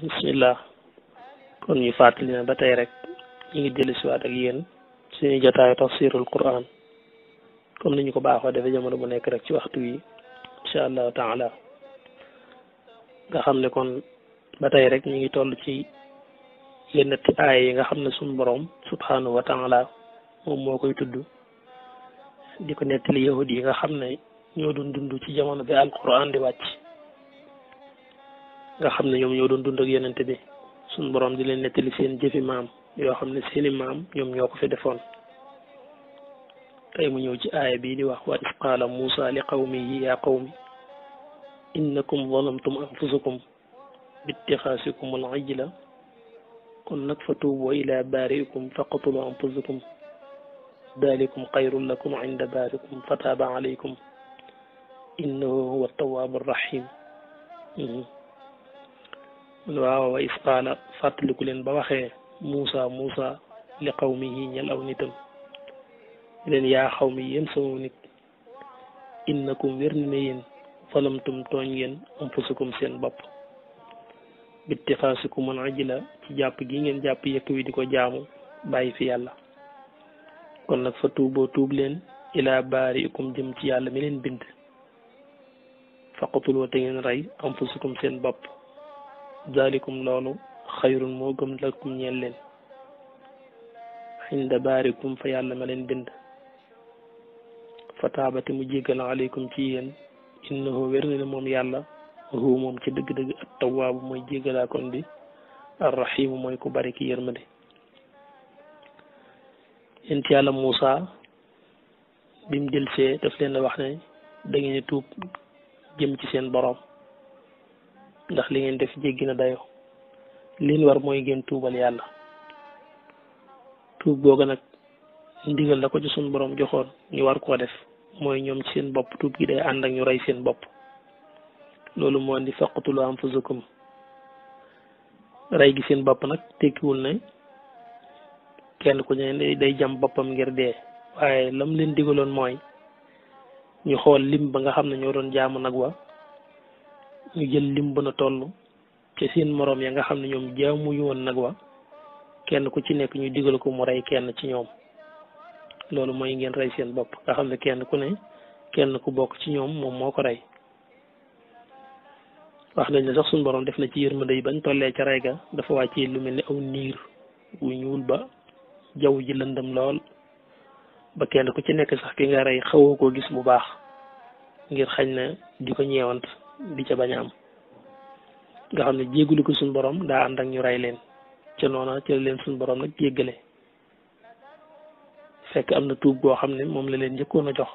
bismillah kon ñu fàttali na ba tey rek ñu ngi dellusiwaat ak yéen suñu jotaayu tafsirul quran comme ni ñu ko baaxoo defee jamono bu nekk rek ci waxtu wi incha allahu taala nga xam ne kon ba tey rek ñu ngi toll ci yenn ti aay nga xam ne suñu borom subhanahu wa taala moom moo koy tudd di ko nettali yahud yi nga xam ne ñoo doon ci jamono bi alquran di wàcc nga xamne ñom ñoo doon dund ak yonente bi suñ borom di leen nettali seen jëfi maam yo xamne seen maam ñom ñoo ko fi defoon tay mu ñëw ci aya bi di wax wa is musa li qawmihi ya qawmi innakum zalamtum anfusakum bittixaasikum al ajla kon nag fa tuubu ila baariikum faqtulu anfusakum dalikum xayrun lakum inda baarikum fataaba alaykum innahu huwa tawaabu rahim waaw wa is qaala fàttaliku leen ba waxe waxee Moussa Moussa mi qawmihi ñel aw nitam leen yaa xawmi yéen sama nit innakum wér na ne yéen falamtum tooñ ngeen anfusakum seen bopp bittifaasikum al ajla ci jàpp gi ngeen jàpp yëkk wi di ko jaamu bàyyi fi yàlla kon nag fa tuuboo tuub leen ilaa baariikum jëm ci yàlla mi leen bind faqatul wa te ngeen rey anfusakum seen bopp dalikum loolu xayrun moo gëm lakum ñeel leen inda baarikum fa yàlla ma leen bind fa taabati mu jéggal aleykum ci yéen innahu wér na moom yàlla hu moom ci dëgg-dëgg at tawaabu mooy jéggalaakoon bi arrahimu mooy ku bari ki yërmande yàlla Moussa bi mu dellusee leen wax ne da ngeen tuub jëm ci seen boroom ndax li ngeen def jéggi na dayoo liin war mooy ngeen tuubal yàlla tuub googa nag ndigal la ko ci suñ borom joxoon ñu war koo def mooy ñoom ci seen bopp tuub gi day ànd ak ñu rey seen bopp loolu moo indi faqtulu anfusakum rey gi seen bopp nag tekkiwul ne kenn ku ne day jam boppam ngir dee waaye lam leen digaloon mooy ñu xool lim ba nga xam ne ñoo doon jaamu nag wa ñu jël lim bën a toll ca seen moroom ya nga xam ne ñoom jaamuñu woon nag wa kenn ku ci nekk ñu digal ko mu rey kenn ci ñoom loolu mooy ngeen rey seen bopp nga xam ne kenn ku ne kenn ku bokk ci ñoom moom moo ko rey wax nañ ne sax suñu borom def na ci yërmande yi bañ tollee ca rey ga dafa wàccee lu mel ni aw niir bu ñuul ba jaww ji lëndëm lool ba kenn ku ci nekk sax ki nga rey xawoo koo gis bu baax ngir xañ na di ko ñeewant di ca bañ a am nga xam ne jéggulu ko suñ boroom daa ànd ak ñu rey leen ca noona ca leen suñ boroom nag jéggale fekk am na tuub goo xam ne moom la leen njëkkoon a jox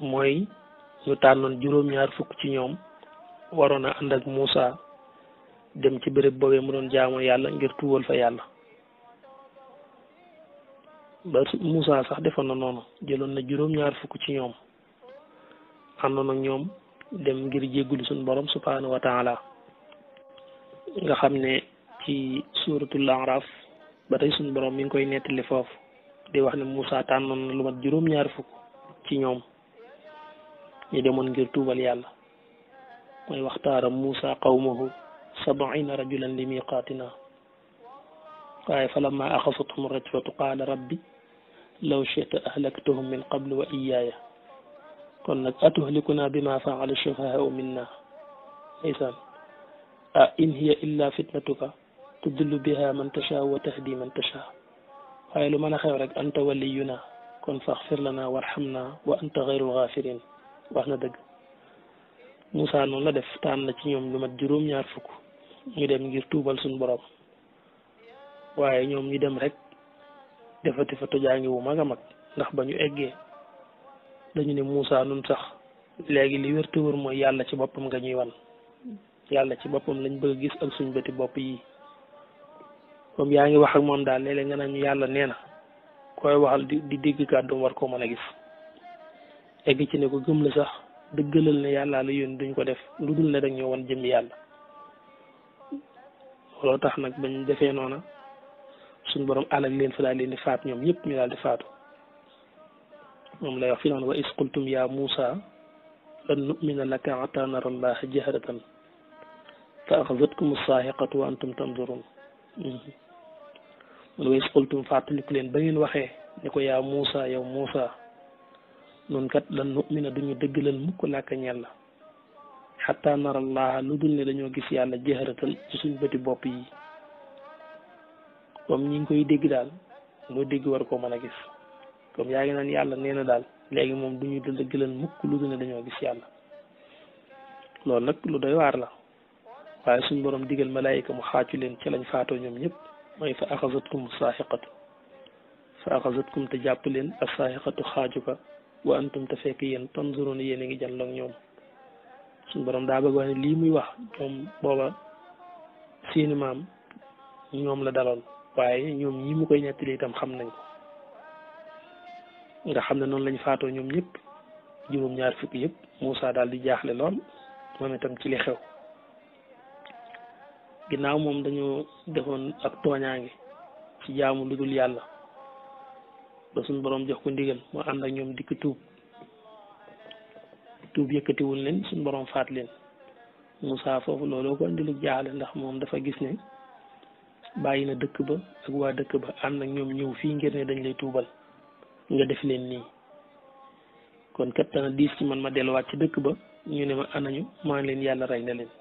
mooy ñu tànnoon juróom-ñaar fukk ci ñoom waroon a ànd ak Moussa ci béréb boobee mu doon jaamoo yàlla ngir tuwal fa yàlla ba Moussa sax defoon na noonu jëloon na juróom ci ñoom àndoon ak ñoom. dem ngir jéggulu suñ borom subhanahu wa nga xam ne ci suratul araf ba tey suñ borom mi ngi koy nettali foofu di wax ne Moussa tànnoon na lu mat juróom-ñaar fukk ci ñoom ñu demoon ngir tuubal yàlla mooy waxtaara Moussa qawmahu sabaina rajulan li miqaatina waaye falamma axasathum rajfatu qaala rabbi law chita ahlaktuhum min qablu wa iyaaya قال أتهلكنا بما فعل الشفهاء منا عيسى إن هي إلا فتنتك تدل بها من تشاء وتهدي من تشاء waaye lu mën a xew rek anta waliyuna kon faxfir lana warhamna wa anta xayrul xaafirin wax na dëgg Moussa noonu la def tànn na ci ñoom lu mat juróom-ñaar fukk ñu dem ngir tuubal suñu borom waaye ñoom ñu dem rek defati fa tojaangi wu mag a mag ndax ba ñu eggee dañu ne Moussa nun sax léegi li wér mooy yàlla ci boppam nga ñuy wan yàlla ci boppam lañ bëgg gis ak suñ bëti bopp yi moom yaa ngi wax ak moom daal léeg-léeg nga naan yàlla nee na koy waxal di di dégg kàddu war koo mën a gis egg ci ne ko gëm la sax dëggalal ne yàllaa la yónni duñ ko def lu dul ne dañ ñoo wan jëmm yàlla looloo tax nag bañ defee noona suñ borom alal leen fa daal leen di faat ñoom ñëpp ñu daal di faatu moom lay wax fi naan wa is qultum ya Muusa lan nu'mina laka hatta nara Allaha jahratan fa axazatkum saaxiqatu wa antum tanzurun mm-hmm. wa is qultum fàttaliku leen ba ngeen waxee ni ko yaa Muusa yow Muusa noonu kat lan nu'mina duñu dëggalal mukk làkka ñel la xataa nara Allaha lu dul ne dañoo gis yàlla jahratan ci suñ bëti bopp yi comme ñi ngi koy dégg daal moo dégg war ko mën a gis comme yaa ngi naan yàlla nee na daal léegi moom du ñu dëggalal mukk lu dul ne dañoo gis yàlla loolu nag lu doy waar la waaye suñ boroom digal malaayika mu xaacu leen ci lañ faatoo ñoom ñëpp mooy fa axasatkum saaxiqatu fa axasatkum te jàpp leen ak saaxiqatu xaaju ka wa antum te fekk yéen tanzurun yéen a ngi jànloog ñoom suñ borom daa bëgg wax ne lii muy wax ñoom booba seeni maam ñoom la daloon waaye ñoom ñi mu koy ñettali itam xam nañ nga xam ne noonu lañ faatoo ñoom ñëpp juróom-ñaar yëpp Moussa daal di jaaxle lool moom itam ci li xew ginnaaw moom dañoo defoon ak tooñaange ci jaamu lu dul yàlla ba suñ boroom jox ko ndigal mu ànd ak ñoom dikk tuub tuub yëkkatiwul leen suñ boroom faat leen Moussa foofu looloo ko indi lu jaaxle ndax moom dafa gis ne bàyyi na dëkk ba ak waa dëkk ba ànd ak ñoom ñëw fii ngir ne dañ lay tuubal nga def leen nii kon kat dana diis ci man ma delluwaat ci dëkk ba ñu ne ma anañu maa ngi leen yàlla rey na leen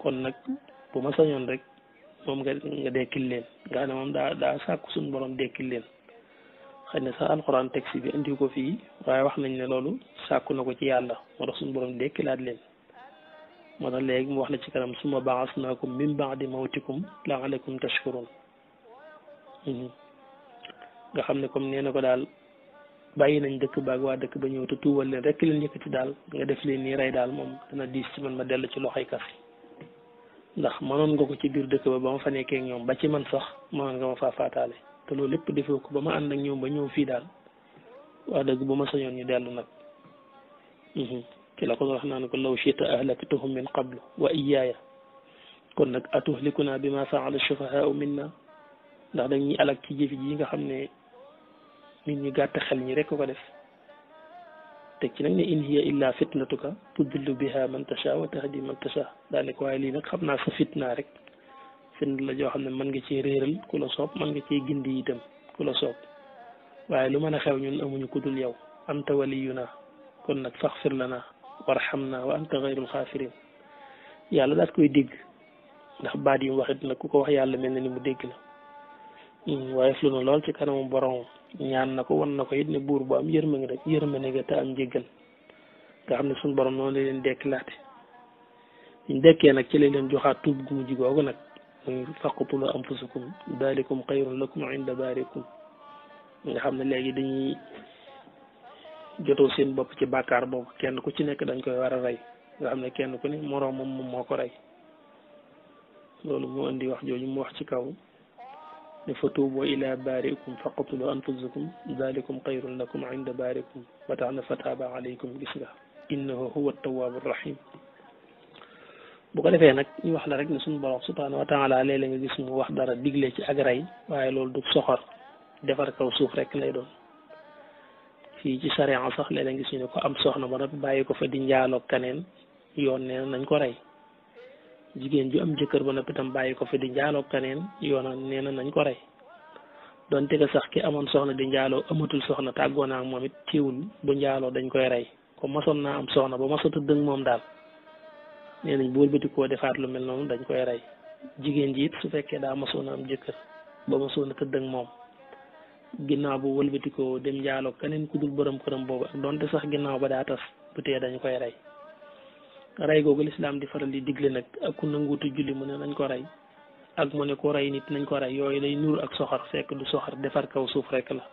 kon nag bu ma sañoon rek moom nga nga dekkil leen nga xam ne moom daa daa sàkk suñu boroom dekkil leen xëy na sax alxuraan texte bi andi ko fii waaye wax nañ ne loolu sàkku na ko ci yàlla moo tax suñu borom dekkilaat leen moo tax léegi mu wax na ci kanam suma baas naakum min baadi mawtikum laalakum tashkurun Mm-hmm. nga xam ne comme nee na ko daal bàyyi nañ dëkk baag waa dëkk ba ñëw te tuubal leen rek leen yëkkati daal nga def leen nii rey daal moom dana diis ci man ma dellu ci loxoy kasi ndax ma mënoon nga ko ci biir dëkk ba ba ma fa nekkee ñoom ba ci man sax mënoon nga ma faa faataale te loolu lépp defoo ko ba ma ak ñoom ba ñëw fii daal wax dëgg bu ma sañoon ñu dellu nag ci mm-hmm. la ko wax naan ko law chita ahlaktuhum min qablu wa iyaaya kon nag atuhlikuna bi ma faala shufahaau minna ndax dañuy alak ci jëf ji nga xam ne nit ñu gàtt xel ñi rek ko def teg ci nag ne in hiya illa fitnatuka tudillu biha man tasha wa tahdi man tasha daa ne ko waaye lii nag xam naa sa fitna rek fitna la joo xam ne mën nga cee réeral ku la soob man nga cee gindi itam ku la soob waaye lu mën a xew ñun amuñu ku dul yow anta waliyuna kon nag faxfir lana warhamna wa anta xayrul xaafirin yàlla daat koy dégg ndax baat yi mu waxit nag ku ko wax yàlla mel na ni mu dégg la waaye ful loolu ci kanamu borom ñaan na ko wan na ko it ne buur bu am yërmande rek yërmande nga te am njëggal nga xam ne suñu borom noonu la leen dekkilaate ñu dekkee nag ci lañ leen joxaat tuub gu mujj googu nag muy faqtulu anfusakum dalikum xayrun lakum inda baarikum nga xam ne léegi dañuy jotoo seen bopp ci bàkkaar boobu kenn ku ci nekk dañ koy war a rey nga xam ne kenn ku ne moroomam moom moo ko rey loolu moo indi wax jooju mu wax ci kaw. ne fa tuubu ila baariikum faqtulu anfusakum dalikum xayrun lakum inda baariikum ba tax na fataaba alaykum gis nga innahu huwa tawaabu rahim bu ko defee nag ñu wax la rek ne suñu borom subhanahu wa taala léeg-léeg nga gis mu wax dara digle ci ak rey waaye loolu du soxor defar kaw suuf rek lay doon fii ci sariya sax léeg-léeg nga ne ko am soxna ba noppi bàyyi ko fa di njaaloo kaneen yoon nee nañ ko rey jigéen ju am jëkkër ba noppi tam bàyyi ko fi di njaaloo kaneen yoonam nee na nañ ko rey donte que sax ki amoon soxna di njaaloo amatul soxna tàggoo naa moom it ciwul bu njaaloo dañ koy rey ko mosoon naa am soxna ba mosatu dëng moom daal nee nañ bu wëlbati noonu dañ koy rey jigéen ji su fekkee daa mosoon a am jëkkër ba mosoon a tëdd ak moom ginnaaw bu wëlbati koo dem njaaloo keneen ku dul borom këram boobu donte sax ginnaaw ba daa tas bu dañ koy rey rey googu lislaam di faral di digle nag ak ku nanguutu julli mu ne nañ ko rey ak mu ne ko rey nit nañ ko rey yooyu day nuur ak soxor fekk du soxor defar kaw suuf rek la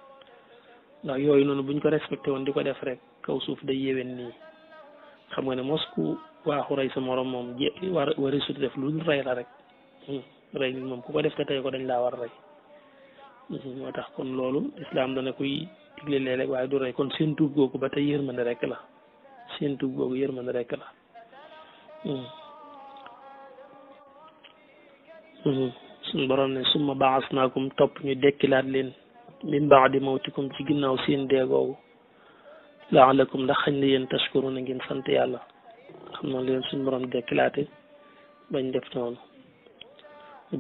ndax yooyu noonu buñ ko respecté woon di ko def rek kaw suuf day yéwén nii xam nga ne mos ku waaxu rey sa morom moom jé war war a def lu dul rey la rek hmm, rey nit moom ku ko def te tey ko dañ la war rey hmm, moo tax kon loolu lislaam dana koy digle léeg-léeg waaye du rey kon seen tuub googu ba tey yërmande rek la seen tuub googu yërmande rek la Mm-hmm. suñu borom ne summa baasnaakum topp ñu dekkilaat leen min baadi mawtikum ci ginnaaw seen deegoogu laalakum ndax xañ na yéen tashkuruna ngeen sant yàlla xam noonu suñu borom dekkilaate bañ def noonu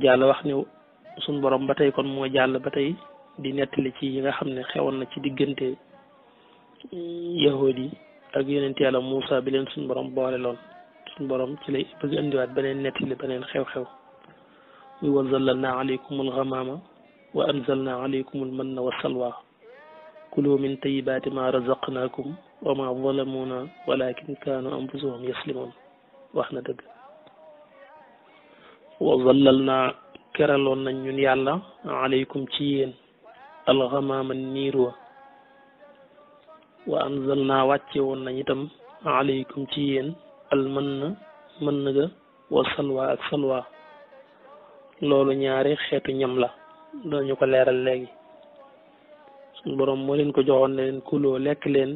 jàll wax ne suñu borom ba tey kon moo jàll ba tey di nettali ci yi nga xam ne xewoon na ci diggante mm, yahudi yi ak yonent yàlla Muusa bi leen suñu borom boole lool suñu borom ci lay ba indiwaat beneen nettali beneen xew-xew muy wa zallalnaa aleykum alxamaama wa anzalnaa aleykum almanna wa salwa kulu min tayibaati ma razaqnaakum wa ma zalamuna walakin kaanu anfusahum yaslimoon wax na dëgg wa zallalnaa keraloon nañ ñun yàlla aleykum ci yéen alxamaama niir wa wa anzalnaa wàcce woon nañ itam aleykum ci yéen al mën na mën na ga wal salwa ak salwa loolu ñaari xeetu ñam la danañu ko leeral léegi boroom moo leen ko joxoon ne leen kuloo lekk leen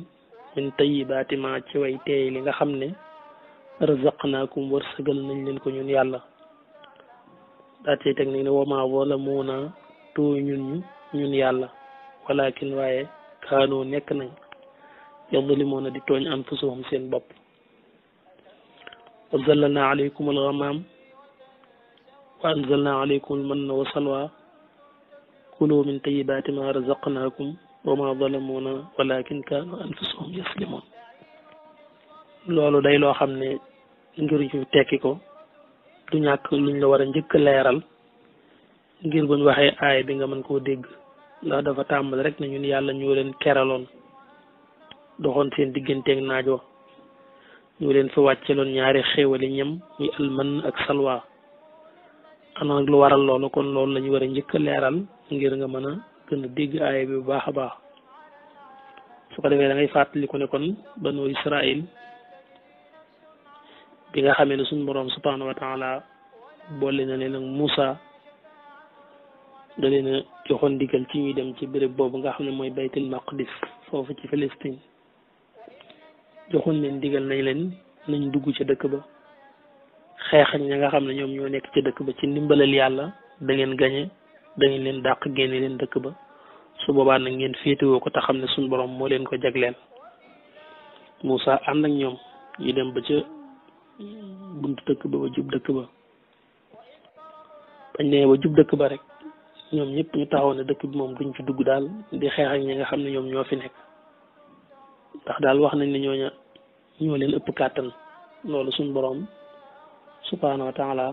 min tayibaati ma ci way teey li nga xam ne razaqnaakum wërsëgal nañ leen ko ñun yàlla daa tey teg nañ ne wama wala muuna tooy ñun ñu ñun yàlla walakin waaye kaanoo nekk nañ yadlimuna di tooñ anfusahum seen bopp wa zallalna alaykum alxamaam wa anzalna alaykum almanna wa salwa kulu min tayibaati ma razaqnaakum wa ma zalamuna walakin kaanu anfusahum yaslimun loolu day loo xam ne ngir ñu tekki ko du ñàkk luñ la wara a njëkk leeral ngir buñ waxee aay bi nga mën koo dégg ndax dafa tàmbal rek ne ñun yàlla ñoo leen keraloon doxoon seen digganteeg naaj ñoo leen fa wàcceeloon ñaari xéewali ñam muy alman ak salwa ana nag lu waral loolu kon loolu la ñu war a njëkk a leeral ngir nga mën a gën a dégg aaya bi bu baax a baax su ko defee da ngay fàttaliku ne kon banu Israil bi nga xamee ne suñ boroom subhanahu wa taala boole na leen ak Moussa da leen a joxoon digal ci ñuy dem ci bërëb boobu nga xam ne mooy baytul maqdis foofu ci Palestine joxuñ leen digal nañ leen nañ dugg ca dëkk ba xeex ak nga xam ne ñoom ñoo nekk ca dëkk ba ci ndimbalal yàlla da gañe da ngeen leen dàq génne leen dëkk ba su boobaa nag ngeen féetewoo ko te xam ne suñ borom moo leen ko jeg leen Moussa ànd ak ñoom ñu dem ba ca bunt dëkk ba ba jub dëkk ba ba jub dëkk ba rek ñoom ñëpp ñu taxaw ne dëkk bi moom duñ ci dugg daal di xeex ak ñi nga xam ne ñoom ñoo fi nekk. ndax daal wax nañ ne ñooña ñoo leen ëpp kàttan loolu suñ borom subhanahu wa taala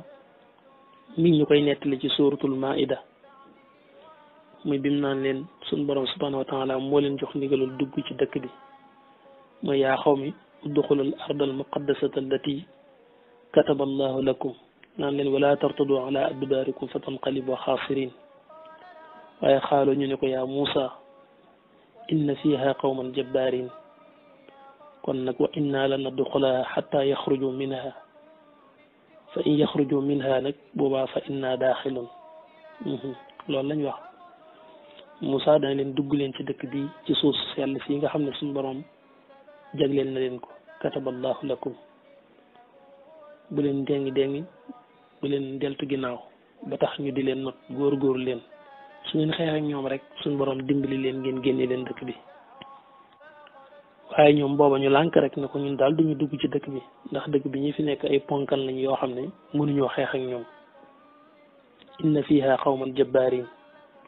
mi ñu koy nettali ci suratul maida muy bim naan leen suñ borom subhanahu wa taala moo leen jox ndigalul dugg ci dëkk bi mooy yaa xaw mi udxulul ardal muqaddasata allati kataba allahu lakum naan leen wala tartadu ala adbaarikum fatanqalibu tanqalibu xaasirin waaye xaaloo ñu ne ko yaa muusa inna fiha qawman jabbaarin kon nag wa inna la nadxulaha xatta yaxruju minha fa in yaxruju minha nag boobaa fa inna daaxilun mhm. loolu lañ wax Moussa dana leen dugg leen ci dëkk bi ci suuf sell fii nga xam ne suñu borom jagleel na leen ko kataballahu lakum bu leen déngi déngi bu leen deltu ginnaaw ba tax ñu di leen not góor góor leen su ngeen xeex ñoom rek suñu boroom dimbali leen ngeen génne leen dëkk bi waaye ñoom booba ñu lànk rek ne ko ñun daal duñu dugg ci dëkk bi ndax dëkk bi ñu fi nekk ay ponkal lañ yoo xam ne mënuñoo xeex ak ñoom inna xaw xawman jabbarin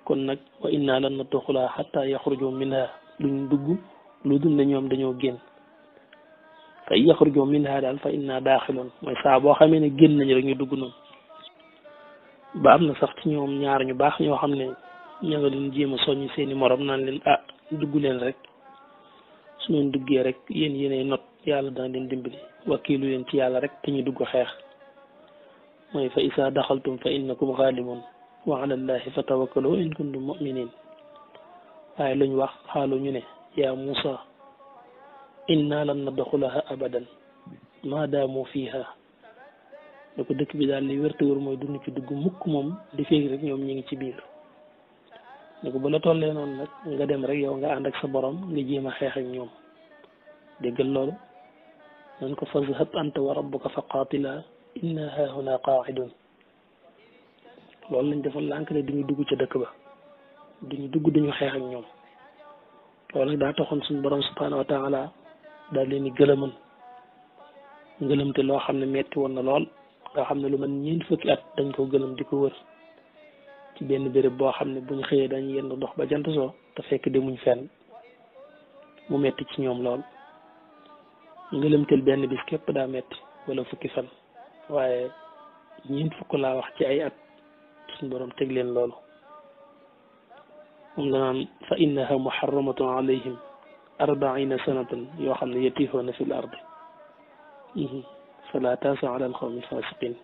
kon nag wa inna lan nadxulaha xatta yaxruju minha duñ dugg lu dul ñoom dañoo génn fa yaxruju minha daal fa inna daaxiloon mooy saa boo xamee ne génn nañ rek ñu dugg noonu ba am na sax ci ñoom ñaar ñu baax ñoo xam ne ña nga doon jéem a soññ seeni moroom naan leen ah dugg leen rek su duggee rek yéen yéenay not yàlla dana leen dimbali wakiilu leen ci yàlla rek te ñu dugg xeex mooy fa isaa daxaltum fa innakum xaalimun wa alallahi fa tawakkalu in kuntum muminin waaye luñ wax xaalu ñu ne yaa Muusa inna lan nadxulaha abadan maa daamu fiiha da ko dëkk bi daal li wérte wër mooy dund ci dugg mukk moom di feeg rek ñoom ñi ngi ci biir ne ko bu la noonu nag nga dem rek yow nga ànd ak sa borom nga jéem a xeex ak ñoom déggal loolu nan ko fazhab anta wa rabbuka fa qaatila inna haahuna qaacidun loolu lañ defoon lànk ne duñu dugg ca dëkk ba duñu dugg duñu xeex ak ñoom loolu daa taxun suñu borom subhanahu wa taala daal leen di gëlëman ngëlëmte loo xam ne metti woon na lool nga xam ne lu man ñeent fukki at dañ koo gëlëm di ko wër ci benn béréb boo xam ne bu ñu xëyee dañuy yendu dox ba jant soo te fekk demuñ fenn mu metti ci ñoom lool ngëlëmteel benn bis képp daa metti wala fukki fan waaye ñeent fukk laa wax ci ay at suñ boroom teg leen loolu moom danaan fa innaha muharramatun alayhim arbaina sanatan yoo xam ne yatiifoona fi l ardi mhm. fala taasa ala alqawmi fasiqin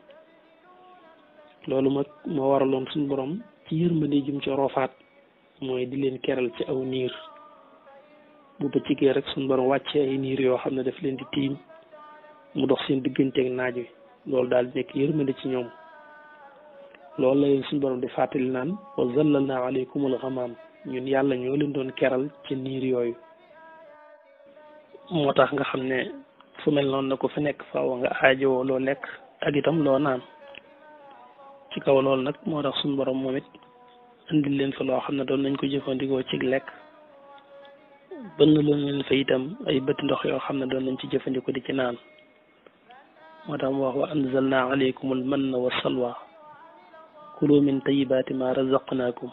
loolu mag moo waraloon suñu boroom ci yërmande jum ci rofaat mooy di leen keral ci aw niir bu bëccëgee rek suñu borom wàcce ay niir yoo xam ne daf leen di tiim mu dox seen digganteeg naaj wi loolu daal di nekk yërmande ci ñoom loolu la suñ suñu borom di fàttali naan wa zallalna aleykumul xamaam ñun yàlla ñoo leen doon keral ci niir yooyu moo tax nga xam ne fu mel noonu na ko fi nekk faaw nga aajowoo loo lekk ak itam loo naan ci kaw loolu nag moo tax suñ borom moom it andil leen fa loo xam ne doon nañ ko jëfandikoo ci lekk bënn loon leen fa itam ay bëti ndox yoo xam ne doon nañ ci jëfandikoo di ci naan moo tax wax wa anzalna alaykum manna wa salwa kulu min tayibaati ma razaqnaakum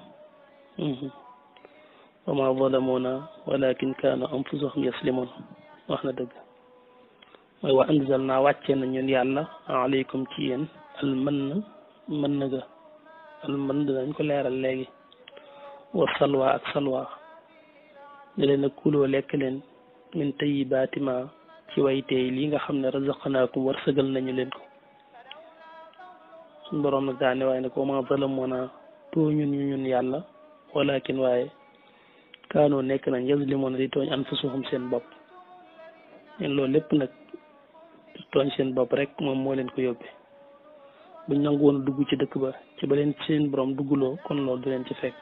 wa ma zalamuna walakin kana anfusahum yaslimun wax na dëgg mooy wa anzalna wàccee na ñun yàlla alaykum ci yéen al manna mën na ga al mën danañ ko leeral léegi wa salwa ak salwa ne leen a kuloo lekk leen min tayibaati ma ci wayteey lii nga xam ne razaqnaakum war sëgal nañu leen ko suñ boroom nag daane waaye ne ko ma zalamuna too ñun ñu ñun yàlla walakin waaye kaanoo nekk nañ yazlimuna di tooñ anfusuhum seen bopp leen loolu lépp nag tooñ seen bopp rek moom moo leen ko yóbbee buñ nangu woon dugg ci dëkk ba ci ba leen ci seen boroom duggloo kon lool du leen ci fekk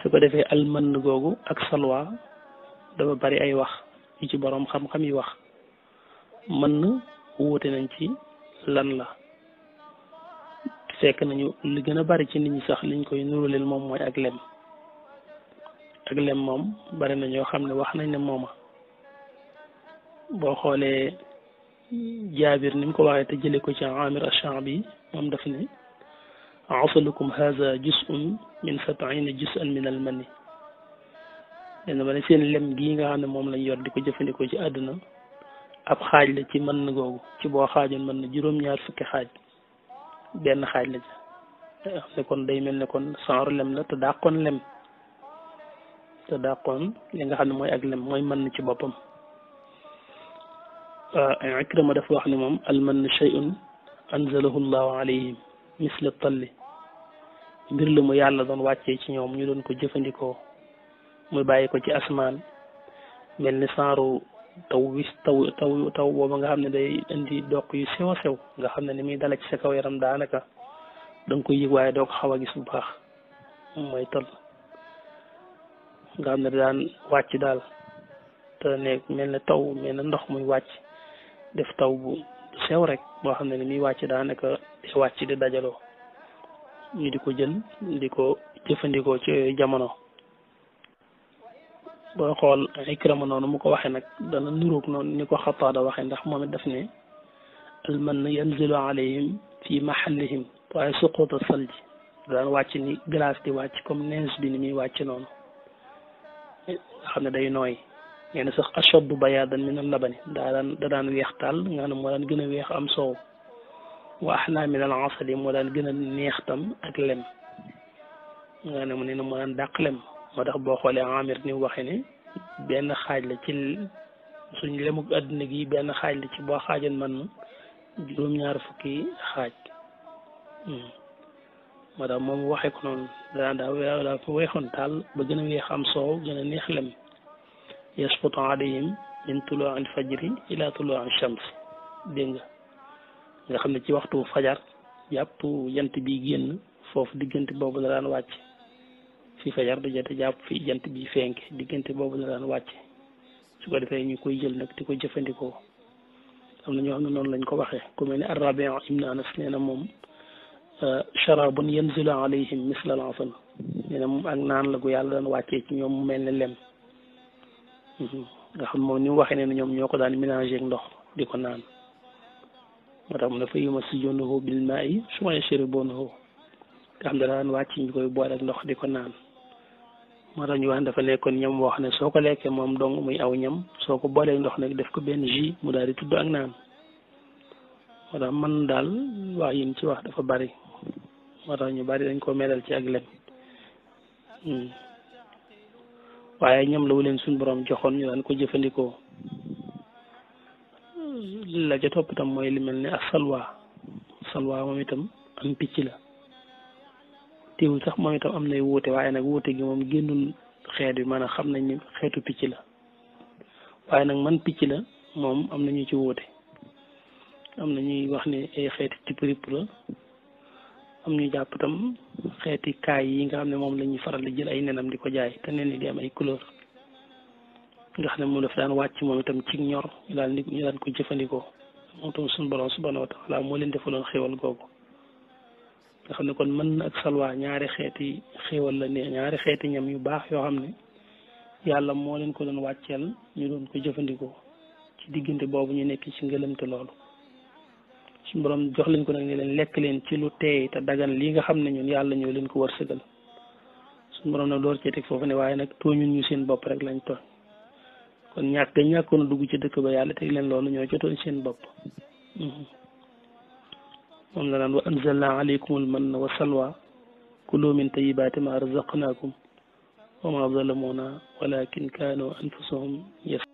su ko defee almënd googu ak salwa dafa bari ay wax yi ci boroom xam-xam yi wax mën wóote nañ ci lan la fekk nañu li gën a bari ci nit ñi sax liñ koy leen moom mooy ak lem ak lem moom bari na ñoo xam ne wax nañ ne mooma boo xoolee jaabir ni mu ko waxee te jële ko ci amir ash-sha'bi moom daf ne asalukum haza juz'un min sab'ina juz'an min al-mani dana ma ne seen lem gii nga xam ne moom lañ yor di ko jëfandikoo ci àdduna ab xaaj la ci mën na googu ci boo xaajoon mën na juróom-ñaar fukki xaaj benn xaaj la ne kon day mel ne kon genre lem la te dàqoon lem te dàqoon li nga xam ne mooy ak lem mooy mën na ci boppam Ikrima dafa wax ni moom almann shay'un anzalahu llahu alayhim misla talli mbir la mu yàlla doon wàccee ci ñoom ñu doon ko jëfandikoo muy bàyyi ko ci asmaan mel ni saaru taw wis taw taw taw booba nga xam ne day indi doq yi sew a sew nga xam ne ni muy dala ci sa kaw yaram daanaka da nga koy yëg waaye doo ko xaw a gis bu baax mooy toll nga xam ne daan wàcc daal te nekk mel ne taw mel ne ndox muy wàcc def taw bu sew rek boo xam ne ni muy wàcc daanaka day wàcc di dajaloo ñu di ko jël di ko jëfandikoo ci jamono boo xool Ikrama noonu mu ko waxee nag dana nuróog noonu ni ko Xattaada waxee ndax moom it daf ne alman yanzilu alayhim fi mahallihim waaye suquta salji daan wàcc ni glace di wàcc comme neige bi ni muy wàcc noonu xam ne day nooy يعني سخ أشد بيادا من اللبن دان دان ويختل يعني مولان جنا ويخ أمسو وأحنا من العسل مولان جنا نيختم أكلم يعني من مولان دقلم ما دخ بخول عامر ني وخني بين خالد كل سن لمك أدنجي بين خالد كي بوا خالد من جرم يعرفكي خالد ما دام مم وحي كنون دان دا ويا ولا فوي خن تال بجنا ويخ أمسو جنا نيختم yasqutu alayhim min tuluu il fajri ila tuluu il shams dégg nga xam ne ci waxtu fajar jàpp jant bi génn foofu diggante boobu la daan wàcc fi fajar du jàpp fi jant bi fenk diggante boobu la daan wàcc su ko defee ñu koy jël nag di ko jëfandikoo am na ñoo xam ne noonu lañ ko waxee ku mel ne Ar-Rabi' ibn Anas nee na moom euh, sharabun yanzilu alayhim misla al-asal na moom ak naan la yàlla daan wàccee ci ñoom mu mel ne lem nga xam moom ni mu waxee ne ñoom ñoo ko daan mélangé ak ndox di ko naan moo tax mu ne fa yuma sijoonuhu bil maa'i summa yashrabuunahu nga xam daan wàcc ñu koy boole ndox di ko naan moo tax dafa nekkoon ñam woo xam ne soo ko lekkee moom dong muy aw ñam soo ko booleeg ndox nag def ko benn jus mu daal di tudd ak naan moo tax man daal wax yi ci wax dafa bari moo tax ñu bari dañ koo melal ci ak lem waaye ñoom la wu leen suñ boroom joxoon ñu daan ko jëfandikoo la ca topp tam mooy li mel ne ak salwa salwa moom itam am picc la teewul sax moom am nay wuute waaye nag wuute gi moom génnul xeet bi maanaam xam nañ ni xeetu picc la waaye nag man picc la moom am na ñu ci wuute am na ñuy wax ne ay xeeti tipp ripp la am ñu jàpp tam xeeti kaay yi nga xam ne moom lañuy faral di jël ay nenam di ko jaay te nen yi di am ay couleur nga xam ne moom dafa daan wàcc moom itam ci ñor ñu daan ñu daan ko jëfandikoo moom tam suñu borom subhanahu wa moo leen defaloon xéwal googu nga xam kon mën na salwaa ñaari xeeti xéwal la ñaari xeeti yu baax yoo xam ne yàlla moo leen ko doon wàcceel ñu doon ko jëfandikoo ci diggante boobu ñu nekk ci ngëlëmte loolu suñu jox lañ ko nag ne lekk leen ci lu teey te dagan lii nga xam ne ñun yàlla ñoo leen ko wërsëgal suñu borom nag door cee teg foofu ne waaye nag tooñun ñu seen bopp rek lañ tooñ kon ñàkk ga ñàkkoon a dugg ci dëkk ba yàlla teg leen loolu ñoo ca tooñ seen bopp moom la naan wa anzalna aleykumul manna wa salwa kulu min tayibaati ma razaqnaakum a ma zalamuna walakin kaanu anfusahum yas